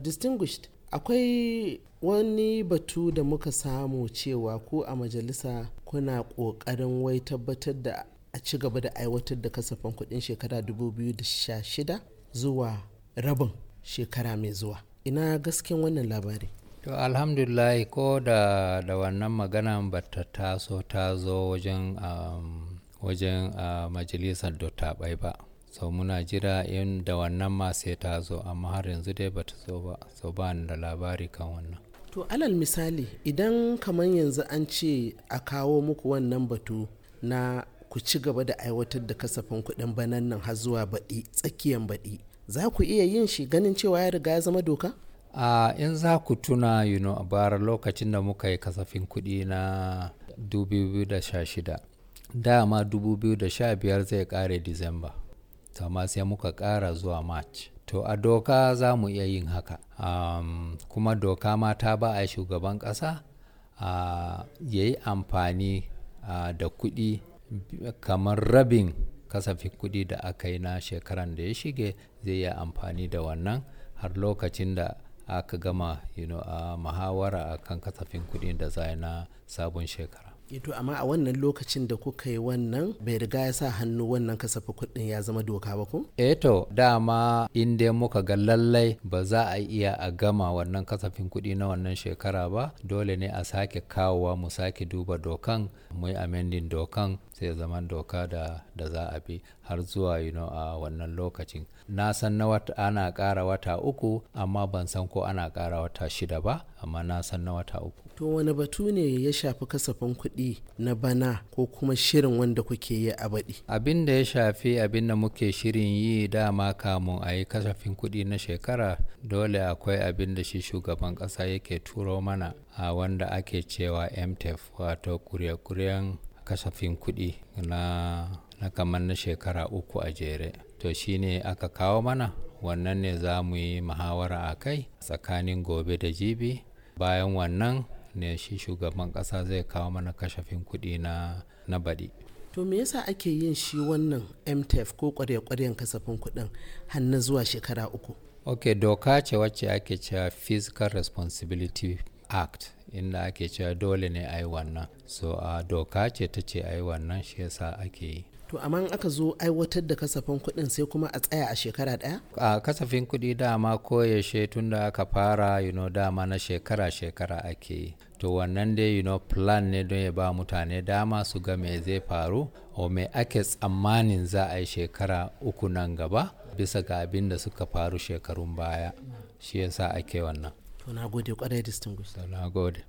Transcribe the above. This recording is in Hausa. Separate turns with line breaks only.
distinguished akwai wani batu da muka samu cewa ko a majalisa kuna ƙoƙarin wai tabbatar da a ci gaba da aiwatar da kasafin kudin shekara 2016 zuwa rabin shekara mai zuwa ina gasken wannan labari
to alhamdulillah ko da da wannan magana ba ta taso ta zo wajen um, wajen uh, majalisar dottabai ba so muna jira da wannan ma sai ta zo amma har yanzu dai bata zo ba so ba ni da labari kan wannan
to alal misali idan kamar yanzu an ce a kawo muku wannan batu na ku ci gaba da aiwatar da kasafin kuɗin banan nan har zuwa baɗi tsakiyan baɗi za ku iya yin shi ganin cewa ya riga ya zama doka
a in za ku tuna you know, a bara lokacin da muka yi kasafin kuɗi na 2016 dama 2015 zai kare disamba kamar sai muka ƙara zuwa march to a doka za mu iya yin haka um, kuma doka ma ta ba a shugaban ƙasa uh, ya yi amfani uh, da kuɗi kamar rabin kasafin kuɗi da aka yi na shekaran da ya shige zai yi amfani da wannan har lokacin da aka gama you know, uh, muhawara akan kasafin kuɗi da za na sabon shekara
Eh, to amma a wannan lokacin da kuka yi wannan bai riga ya sa hannu wannan kasafin kuɗin ya zama doka ba ku.
eh to dama in dai muka ga lallai ba za a iya a gama wannan kasafin kuɗi na wannan shekara ba dole ne a sake kawowa mu sake duba dokan mu yi amendin dokan sai zaman doka da, da za a bi har zuwa you know, a wannan lokacin na san na wata ana ƙara wata uku amma ban san ko ana kara wata shida ba amma na san na wata uku
to wani batu ne ya shafi kasafin kuɗi na bana ko kuma shirin wanda kuke yi a baɗi abin da ya
shafi abin da muke shirin yi dama kamun a yi kasafin kuɗi na shekara dole akwai abin da shi shugaban ƙasa yake turo mana a wanda ake cewa mtef wato kurye-kuryen kasafin kuɗi na, na kamar na shekara uku a jere to shine aka kawo mana wannan ne za mu yi muhawara a kai tsakanin gobe da jibi bayan wannan ne shi shugaban ƙasa zai kawo mana kasafin kuɗi na, na baɗi
to me yasa ake yin shi wannan mtf ko kware-kwaren kasafin kuɗin hannu zuwa shekara uku
ok doka ce wacce ake cewa fiscal responsibility act inda ake cewa dole ne a yi wannan so a doka ce ta ce a yi wannan shi yasa ake yi
to amma aka zo aiwatar da kasafin kuɗin sai kuma a tsaya a shekara ɗaya?
a kasafin kuɗi dama ko koyaushe tun da aka fara you know, dama na shekara-shekara ake yi to wannan dai you know, plan ne don ya ba mutane dama su ga me zai faru o me ake tsammanin za a yi shekara uku nan gaba bisa ga abin da suka faru shekarun baya shi yasa ake wannan
to na gode kwarai distinguished na
gode